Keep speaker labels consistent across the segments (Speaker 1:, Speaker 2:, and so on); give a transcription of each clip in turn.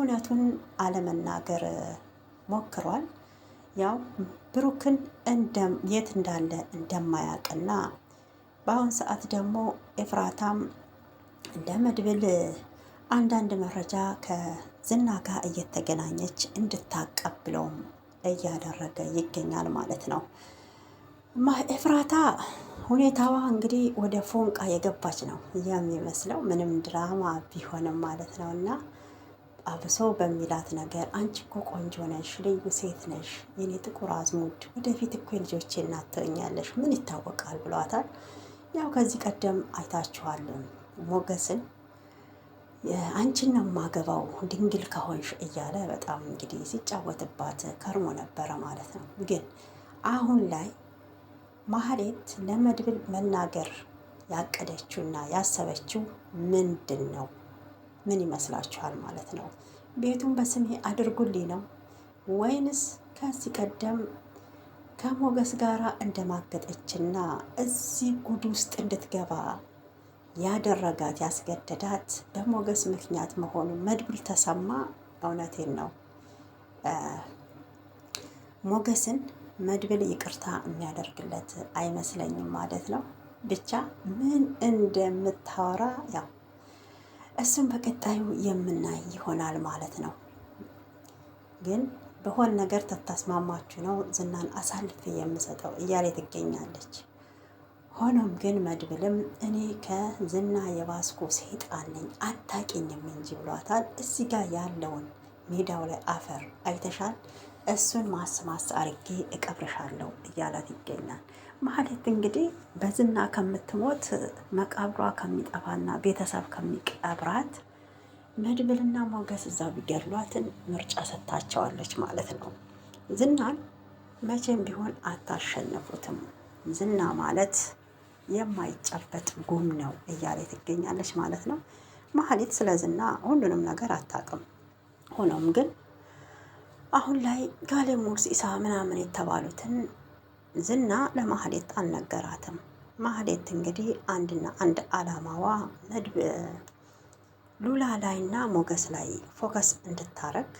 Speaker 1: እውነቱን አለመናገር ሞክሯል። ያው ብሩክን የት እንዳለ እንደማያውቅና በአሁን ሰዓት ደግሞ ኤፍራታም እንደ መድብል አንዳንድ መረጃ ከዝና ጋር እየተገናኘች እንድታቀብለውም እያደረገ ይገኛል ማለት ነው። ኤፍራታ ሁኔታዋ እንግዲህ ወደ ፎንቃ የገባች ነው የሚመስለው ምንም ድራማ ቢሆንም ማለት ነው እና አብሶ በሚላት ነገር አንቺ እኮ ቆንጆ ነሽ፣ ልዩ ሴት ነሽ፣ የኔ ጥቁር አዝሙድ፣ ወደፊት እኮ ልጆቼ እናተኛለሽ፣ ምን ይታወቃል ብሏታል። ያው ከዚህ ቀደም አይታችኋል ሞገስን አንቺን ነው ማገባው ድንግል ከሆንሽ እያለ በጣም እንግዲህ ሲጫወትባት ከርሞ ነበረ ማለት ነው። ግን አሁን ላይ ማህሌት ለመድብል መናገር ያቀደችውና ያሰበችው ምንድን ነው? ምን ይመስላችኋል ማለት ነው? ቤቱን በስሜ አድርጉልኝ ነው ወይንስ ከዚህ ቀደም ከሞገስ ጋር እንደማገጠችና እዚህ ጉድ ውስጥ እንድትገባ ያደረጋት ያስገደዳት በሞገስ ምክንያት መሆኑን መድብል ተሰማ። እውነቴን ነው። ሞገስን መድብል ይቅርታ የሚያደርግለት አይመስለኝም ማለት ነው። ብቻ ምን እንደምታወራ ያው እሱም በቀጣዩ የምናይ ይሆናል ማለት ነው። ግን በሆን ነገር ተታስማማችሁ ነው ዝናን አሳልፌ የምሰጠው እያሌ ትገኛለች። ሆኖም ግን መድብልም እኔ ከዝና የባስኩ ሰይጣን ነኝ አታውቂኝም እንጂ ብሏታል። እዚህ ጋር ያለውን ሜዳው ላይ አፈር አይተሻል እሱን ማስማስ አርጌ እቀብርሻለሁ እያላት ይገኛል። ማህሌት እንግዲህ በዝና ከምትሞት መቃብሯ ከሚጠፋና ቤተሰብ ከሚቀብራት መድብልና ሞገስ እዛው ቢገድሏትን ምርጫ ሰጥታቸዋለች ማለት ነው። ዝናን መቼም ቢሆን አታሸነፉትም፣ ዝና ማለት የማይጨበጥ ጉም ነው እያለ ትገኛለች ማለት ነው። ማህሌት ስለ ዝና ሁሉንም ነገር አታውቅም። ሆኖም ግን አሁን ላይ ጋሌሞርስ ኢሳ ምናምን የተባሉትን ዝና ለማህሌት አልነገራትም። ማህሌት እንግዲህ አንድና አንድ አላማዋ መድብ ሉላ ላይና ሞገስ ላይ ፎከስ እንድታረግ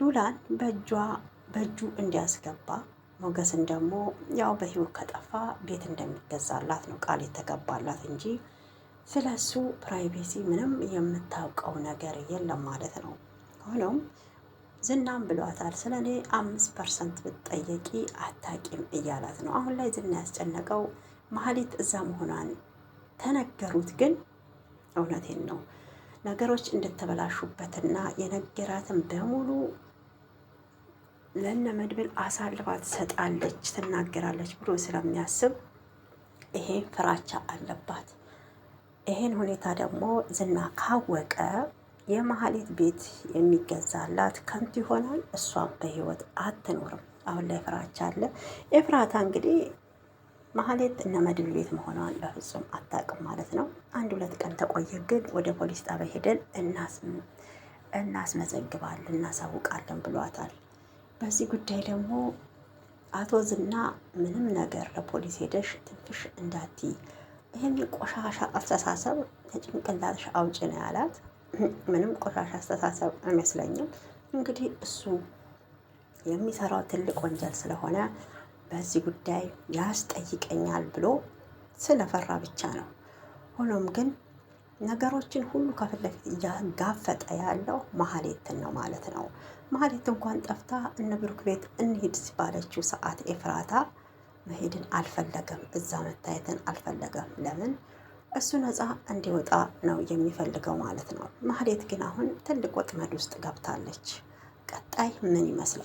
Speaker 1: ሉላን በእጇ በእጁ እንዲያስገባ ሞገስን ደግሞ ያው በህይወት ከጠፋ ቤት እንደሚገዛላት ነው ቃል የተገባላት እንጂ ስለ እሱ ፕራይቬሲ ምንም የምታውቀው ነገር የለም ማለት ነው። ሆኖም ዝናም ብሏታል ስለ እኔ አምስት ፐርሰንት ብትጠየቂ አታቂም እያላት ነው። አሁን ላይ ዝና ያስጨነቀው መሀሊት እዛ መሆኗን ተነገሩት። ግን እውነቴን ነው ነገሮች እንደተበላሹበትና የነገራትን በሙሉ ለነ መድብል አሳልፋ ትሰጣለች፣ ትናገራለች ብሎ ስለሚያስብ ይሄን ፍራቻ አለባት። ይሄን ሁኔታ ደግሞ ዝና ካወቀ የመሀሌት ቤት የሚገዛላት ከንቱ ይሆናል። እሷም በህይወት አትኖርም። አሁን ላይ ፍራቻ አለ። ኤፍራታ እንግዲህ መሀሌት እነ መድብል ቤት መሆኗን በፍጹም አታውቅም ማለት ነው። አንድ ሁለት ቀን ተቆየ፣ ግን ወደ ፖሊስ ጣቢያ ሄደን እናስመዘግባለን እናሳውቃለን ብሏታል። በዚህ ጉዳይ ደግሞ አቶ ዝና ምንም ነገር ለፖሊስ ሄደሽ ትንፍሽ እንዳትይ፣ ይህን ቆሻሻ አስተሳሰብ ለጭንቅላትሽ አውጭ ነው ያላት። ምንም ቆሻሻ አስተሳሰብ አይመስለኝም። እንግዲህ እሱ የሚሰራው ትልቅ ወንጀል ስለሆነ በዚህ ጉዳይ ያስጠይቀኛል ብሎ ስለፈራ ብቻ ነው። ሆኖም ግን ነገሮችን ሁሉ ከፊት ለፊት እያጋፈጠ ያለው ማህሌትን ነው ማለት ነው። ማህሌት እንኳን ጠፍታ እነ ብሩክ ቤት እንሂድ ሲባለችው ሰዓት ኤፍራታ መሄድን አልፈለገም። እዛ መታየትን አልፈለገም። ለምን? እሱ ነፃ እንዲወጣ ነው የሚፈልገው ማለት ነው። ማህሌት ግን አሁን ትልቅ ወጥመድ ውስጥ ገብታለች። ቀጣይ ምን ይመስላል?